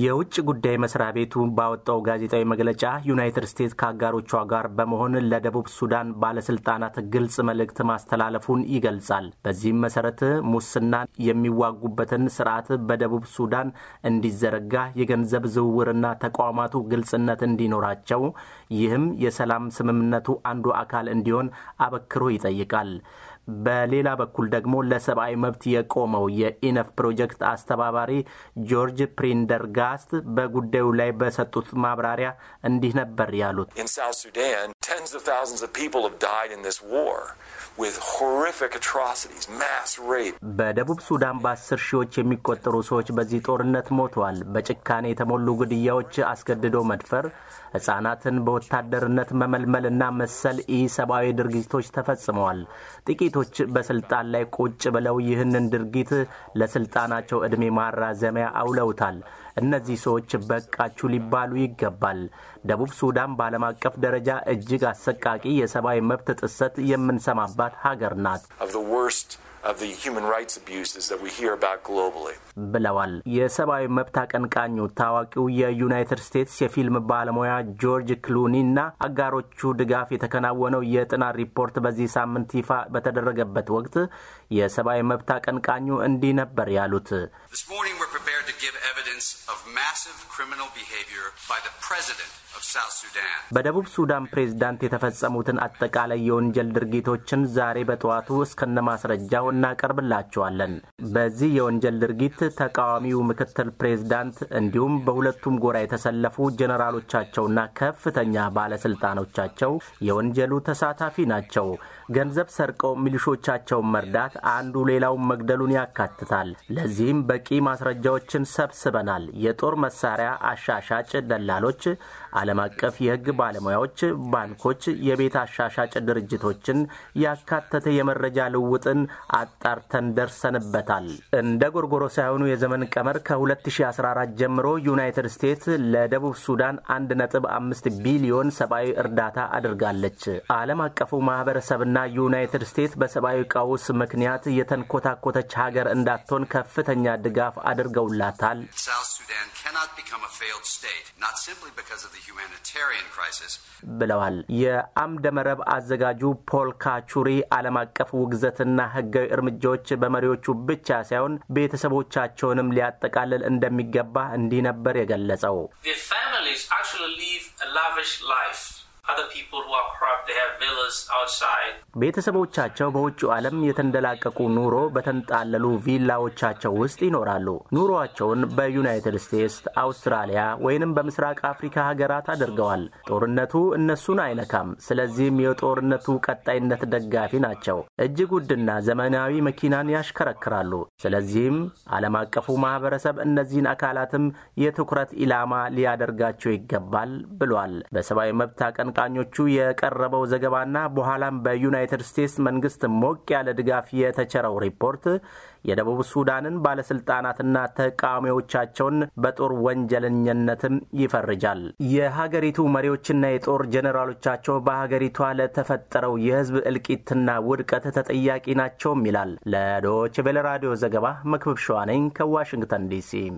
የውጭ ጉዳይ መስሪያ ቤቱ ባወጣው ጋዜጣዊ መግለጫ ዩናይትድ ስቴትስ ከአጋሮቿ ጋር በመሆን ለደቡብ ሱዳን ባለስልጣናት ግልጽ መልእክት ማስተላለፉን ይገልጻል። በዚህም መሰረት ሙስናን የሚዋጉበትን ስርዓት በደቡብ ሱዳን እንዲዘረጋ፣ የገንዘብ ዝውውርና ተቋማቱ ግልጽነት እንዲኖራቸው፣ ይህም የሰላም ስምምነቱ አንዱ አካል እንዲሆን አበክሮ ይጠይቃል። በሌላ በኩል ደግሞ ለሰብአዊ መብት የቆመው የኢነፍ ፕሮጀክት አስተባባሪ ጆርጅ ፕሪንደርጋስት በጉዳዩ ላይ በሰጡት ማብራሪያ እንዲህ ነበር ያሉት። በደቡብ ሱዳን በአስር ሺዎች የሚቆጠሩ ሰዎች በዚህ ጦርነት ሞተዋል። በጭካኔ የተሞሉ ግድያዎች፣ አስገድዶ መድፈር፣ ሕጻናትን በወታደርነት መመልመልና መሰል ኢ ሰብአዊ ድርጊቶች ተፈጽመዋል። ጥቂቱ ድርጅቶች በስልጣን ላይ ቁጭ ብለው ይህንን ድርጊት ለስልጣናቸው ዕድሜ ማራዘሚያ አውለውታል። እነዚህ ሰዎች በቃችሁ ሊባሉ ይገባል። ደቡብ ሱዳን በዓለም አቀፍ ደረጃ እጅግ አሰቃቂ የሰብአዊ መብት ጥሰት የምንሰማባት ሀገር ናት ብለዋል። የሰብአዊ መብት አቀንቃኙ ታዋቂው የዩናይትድ ስቴትስ የፊልም ባለሙያ ጆርጅ ክሉኒ እና አጋሮቹ ድጋፍ የተከናወነው የጥናት ሪፖርት በዚህ ሳምንት ይፋ በተደረገበት ወቅት የሰብአዊ መብት አቀንቃኙ እንዲህ ነበር ያሉት በደቡብ ሱዳን ፕሬዝዳንት የተፈጸሙትን አጠቃላይ የወንጀል ድርጊቶችን ዛሬ በጠዋቱ ማስረጃው እናቀርብላቸዋለን። በዚህ የወንጀል ድርጊት ተቃዋሚው ምክትል ፕሬዝዳንት እንዲሁም በሁለቱም ጎራ የተሰለፉ ጀኔራሎቻቸውና ከፍተኛ ባለስልጣኖቻቸው የወንጀሉ ተሳታፊ ናቸው። ገንዘብ ሰርቀው ሚሊሾቻቸውን መርዳት አንዱ ሌላውን መግደሉን ያካትታል። ለዚህም በቂ ማስረጃዎችን ሰብስበናል። የጦር መሳሪያ አሻሻጭ ደላሎች፣ ዓለም አቀፍ የሕግ ባለሙያዎች፣ ባንኮች፣ የቤት አሻሻጭ ድርጅቶችን ያካተተ የመረጃ ልውጥን አጣርተን ደርሰንበታል። እንደ ጎርጎሮ ሳይሆኑ የዘመን ቀመር ከ2014 ጀምሮ ዩናይትድ ስቴትስ ለደቡብ ሱዳን 1.5 ቢሊዮን ሰብአዊ እርዳታ አድርጋለች። ዓለም አቀፉ ማህበረሰብና ዩናይትድ ስቴትስ በሰብአዊ ቀውስ ምክንያት የተንኮታኮተች ሀገር እንዳትሆን ከፍተኛ ድጋፍ አድርገውላት ያበረታታል። ብለዋል። የአምደ መረብ አዘጋጁ ፖል ካቹሪ ዓለም አቀፍ ውግዘትና ሕጋዊ እርምጃዎች በመሪዎቹ ብቻ ሳይሆን ቤተሰቦቻቸውንም ሊያጠቃልል እንደሚገባ እንዲህ ነበር የገለጸው። ቤተሰቦቻቸው በውጭ ዓለም የተንደላቀቁ ኑሮ በተንጣለሉ ቪላዎቻቸው ውስጥ ይኖራሉ። ኑሮአቸውን በዩናይትድ ስቴትስ፣ አውስትራሊያ ወይንም በምስራቅ አፍሪካ ሀገራት አድርገዋል። ጦርነቱ እነሱን አይነካም። ስለዚህም የጦርነቱ ቀጣይነት ደጋፊ ናቸው። እጅግ ውድና ዘመናዊ መኪናን ያሽከረክራሉ። ስለዚህም ዓለም አቀፉ ማህበረሰብ እነዚህን አካላትም የትኩረት ኢላማ ሊያደርጋቸው ይገባል ብሏል። በሰብአዊ መብት አቀን ከአሰልጣኞቹ የቀረበው ዘገባና በኋላም በዩናይትድ ስቴትስ መንግስት ሞቅ ያለ ድጋፍ የተቸረው ሪፖርት የደቡብ ሱዳንን ባለስልጣናትና ተቃዋሚዎቻቸውን በጦር ወንጀለኝነትም ይፈርጃል። የሀገሪቱ መሪዎችና የጦር ጀኔራሎቻቸው በሀገሪቷ ለተፈጠረው የህዝብ እልቂትና ውድቀት ተጠያቂ ናቸውም ይላል። ለዶችቬለ ራዲዮ ዘገባ መክብብ ሸዋነኝ ከዋሽንግተን ዲሲ